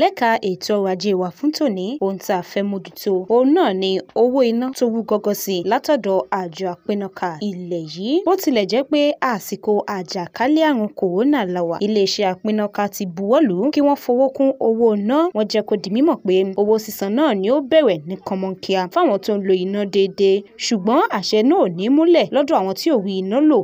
lẹ́ka ètò ọrọ̀ ajé wa fún tòní ohun tá a fẹ́ mójútó òun náà ni owó iná tó wú gọ́gọ́ sí i látọ̀dọ̀ àjọ àpínnáka ilẹ̀ yìí bó tilẹ̀ jẹ́ pé àsìkò àjàkálẹ̀ àrùn kòrónà la wà iléeṣẹ́ àpínnáka ti buwọ́lù kí wọ́n fowó kún owó iná wọ́n jẹ́ kó di mímọ̀ pé owó sísan náà ni ó bẹ̀rẹ̀ ní kọmọkíá fáwọn tó ń lo iná déédéé ṣùgbọ́n àṣẹ náà ò ní múlẹ̀ lọ́dọ̀ àwọn tí òwì iná lò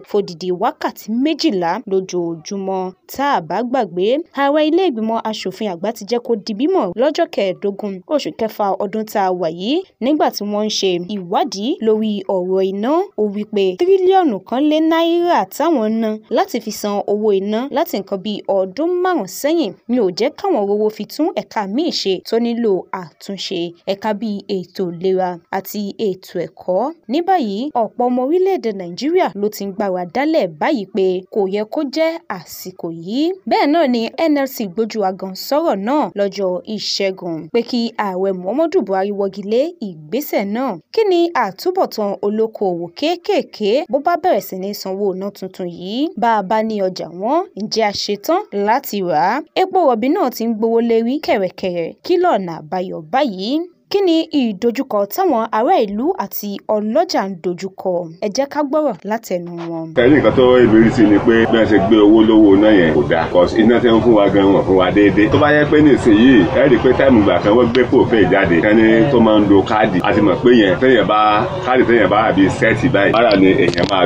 kó di mímọ̀ lọ́jọ́ kẹẹ̀ẹ́dógún oṣù kẹfà ọdún tá a wà yìí nígbà tí wọ́n ń ṣe ìwádìí lórí ọ̀rọ̀ iná ó wí pé tírílíọ̀nù kan lé náírà táwọn ná láti fi san owó iná láti nǹkan bíi ọdún márùn-ún sẹ́yìn ni ò jẹ́ káwọn rówó fi tún ẹ̀ka míì ṣe tó nílò àtúnṣe ẹ̀ka bíi ètò ìlera àti ètò ẹ̀kọ́ ní báyìí ọ̀pọ̀ ọmọ orílẹ̀-èdè nàìjíríà ló ti ń gbára dálẹ̀ báyìí pé kò yẹ kó jẹ́ àsìkò yìí bẹ́ẹ̀ náà ni NLC gbójú agan sọ̀rọ̀ náà náà lọ́jọ́ ìṣẹ́gun pé kí ààrẹ muhammadu buhari wọ́gi lé ìgbésẹ̀ náà kí ni àtúbọ̀tán olókoòwò kéékèèké bó bá bẹ̀rẹ̀ sí ní sanwó iná tuntun yìí bá a bá ní ọjà wọn ǹjẹ́ a ṣetán láti rà á epo rọ̀bì náà ti ń gbówó lérí kẹ̀rẹ̀kẹ̀rẹ̀ kí lọ́nà àbáyọ báyìí Kí ni ìdojúkọ táwọn ará ìlú àti ọlọ́jà ń dojúkọ? Ẹ jẹ́ ká gbọ́rọ̀ látẹnu wọn. Ẹ̀rí nǹkan tó ìbéèrè sí ni pé bí wọ́n ṣe gbé owó lówó náà yẹn kò dáa. Cos iná tí wọ́n fún wa gan wọ́n fún wa déédéé. Tó bá yẹ pé nísìnyìí, ẹ rí i pé táìmù gbà kan wọ́n gbé pòfẹ́ jáde. Kẹ́ni tó máa ń lo káàdì. A mọ̀ pé yẹn tẹ́yẹ̀ bá káàdì tẹ́yẹ̀ bá àbí sẹ́ẹ̀tì báyìí. Bára ni èèyàn máa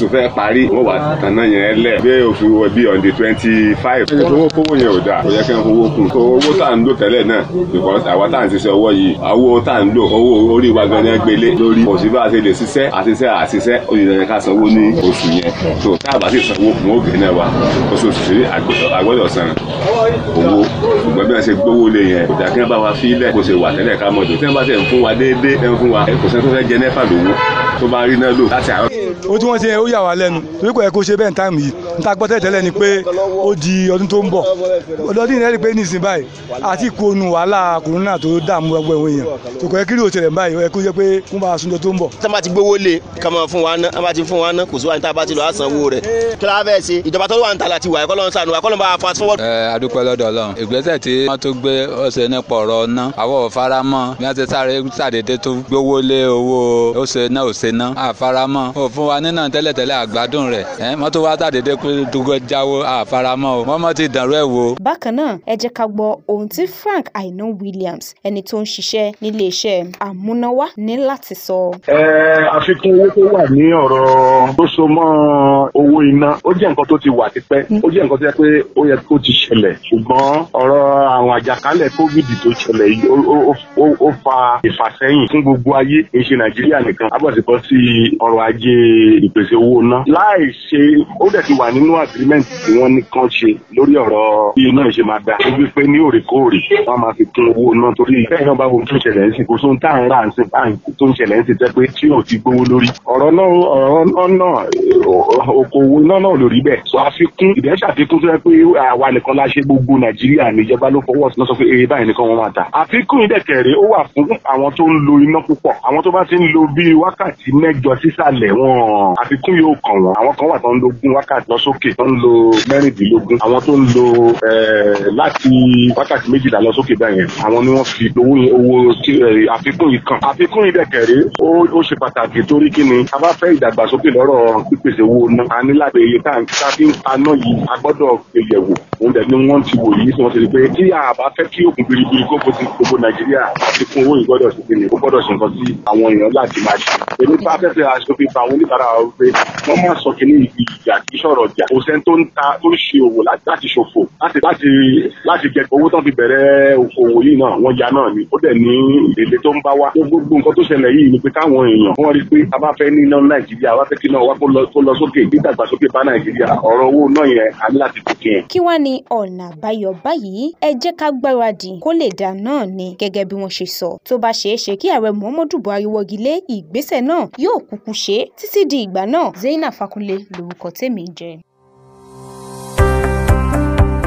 lò fẹ́ parí wọ́n wà tanná yẹn lẹ̀ gbé òfin wọ bí on the twenty five ṣe kówó yẹn ò dáa kò yẹ kẹ́ ń fowó kù owó tá à ń lò tẹ́lẹ̀ náà because àwa tá à ń ṣiṣẹ́ ọwọ́ yìí owó tá à ń lò owó orí wa gan yẹn gbélé lórí kò sí bá a ṣe lè ṣiṣẹ́ àṣiṣẹ́ àṣiṣẹ́ olùdarí ká sanwó ní oṣù yẹn tó tá a bá sì sanwó fún ògè náà wa oṣooṣù sí àgbọ̀dọ̀ san owó ṣùgbọ́n bí wọ́n ṣe gbówó lé yẹn kò dákẹ́ bá wa fílẹ̀ kó ṣe wà tẹ́lẹ̀ ká mọ̀ tó máa rí náà lò láti àárọ̀. ó tí wọ́n ṣe ó yà wá lẹ́nu torí kò yẹ kó ṣe bẹ́ẹ̀ táìmù yìí níta gbọ́tẹ́ tẹ́lẹ̀ ni pé ó di ọdún tó ń bọ̀ ọdún yìí pé nísìn báyìí àti ìkónú wàhálà kòrónà tó dààmú ẹgbẹ́ ìwọ̀n èèyàn tó kọ́ ẹ kí ló báyìí ẹ kó jẹ́ pé kún bá asunjọ tó ń bọ̀. tá a bá ti gbowó lé ká fún wa ná a bá ti fún wa ná kò sí wa ní tá a bá ti lọ àsanwó rẹ̀ kí ìjọba tó wà ń ta wà ẹ̀kọ́ dogojawo àfaramọ́ o wọ́n mọ̀ ti dàrú ẹ̀ wò. bákan náà ẹ jẹ́ ká gbọ́ ohun tí Frank Aina Williams ẹni tó ń ṣiṣẹ́ nílé iṣẹ́ àmúnáwá ní láti sọ. ẹ àfikún owó tó wà ní ọ̀rọ̀ tó so mọ́ owó iná ó jẹ́ nǹkan tó ti wà tipẹ́ mm. ó jẹ́ nǹkan tó yẹ pé ó yẹ kó ti ṣẹlẹ̀ ṣùgbọ́n ọ̀rọ̀ àwọn àjàkálẹ̀ covid tó ṣẹlẹ̀ yìí ó fa ìfàsẹ́yìn fún gbogbo ayé kì í ṣe Nàìjíríà nìkan abọ́sibọ́sí ọrọ̀ ajé ìpèsè owó iná láì ṣe ó dẹ̀ ti wà nínú agreement tí wọ́n ní kán ṣe lórí ọ̀rọ̀ bí iná ìṣe máa da ó wípé ní òrèkóòrè wọ́n máa fi kún owó náà torí bẹ́ẹ̀ náà bá wo tó ń ṣẹlẹ̀ ń sìn kó sóhun tá à ń rà ń sìn bá tó ń ṣẹlẹ̀ ń sìn tẹ́ pé tí ò ti gbówó lórí ọ̀rọ̀ náà ọ̀rọ̀ náà okòwò iná náà lórí bẹ́ẹ̀ sọ àfikún ìdẹ́ tó yẹ pé àwa nìkan la gbogbo nàìjíríà ní ìjọba ló fọwọ́ sí lọ́sọ pé eré báyìí nìkan wọ́n máa ta àfikún ìdẹ̀kẹ̀rẹ̀ ó wà fún àwọn tó ń lo iná púpọ̀ àwọn tó bá ti ń lo bíi wákàtí mẹ́jọ sísàlẹ̀ wọn àfikún yóò kàn wọ́n àwọn kan wà tó ń lo gún wákàtí lọ́s sókè tó ń lo mẹ́rìndínlógún àwọn tó ń lo eh, láti wákàtí méjìlá lọ sókè bẹ́ẹ̀ yẹn àwọn ni wọ́n fi owó owó eh, àfikún yìí kàn àfikún yìí dẹ̀kẹ̀rẹ́ ó ṣe pàtàkì torí kí ni a bá fẹ́ ìdàgbàsókè lọ́rọ̀ pípèsè owó náà a ní láti iye tá a fi ń paná yìí a gbọ́dọ̀ gbé yẹ̀wò òun dẹ̀ ni wọ́n ti wò yìí tí wọ́n pé tí a bá fẹ́ kí òkun biribiri kó bó ti gbogbo nàìjíríà àti fún owó ìgbọ́dọ̀ sí ti ní kó gbọ́dọ̀ ṣe sí àwọn èèyàn láti máa ṣe. èmi bá fẹ́fẹ́ aṣòfin bá àwọn oníbàárà wa wípé wọ́n máa sọ kí ní ìjà kí sọ̀rọ̀ jà kò sẹ́ni tó ń ta tó ń ṣe òwò láti ṣòfò láti jẹ owó tán fi bẹ̀rẹ̀ òkòwò yìí náà wọ́n ya náà ni ó dẹ̀ ní èdè tó ń bá wa gbogbo nǹkan tó ṣẹlẹ̀ yìí ni pé káwọn èèyàn wọ́n rí pé a bá fẹ́ níná nàìjíríà a bá fẹ́ kí náà wá kó lọ sókè nígbàgbàsókè bá nàìjíríà ọ̀rọ̀ owó náà yẹn a ní láti tètè kí ọ̀nà àbáyọ báyìí ẹ jẹ́ ká gbáradì kó lè dà náà ni gẹ́gẹ́ bí wọ́n ṣe sọ tó bá ṣeé ṣe kí ààrẹ muhammadu buhari wọ́gi lé ìgbésẹ̀ náà yóò kúkú ṣe é títí di ìgbà náà zainab fakunle lórúkọ tèmi ń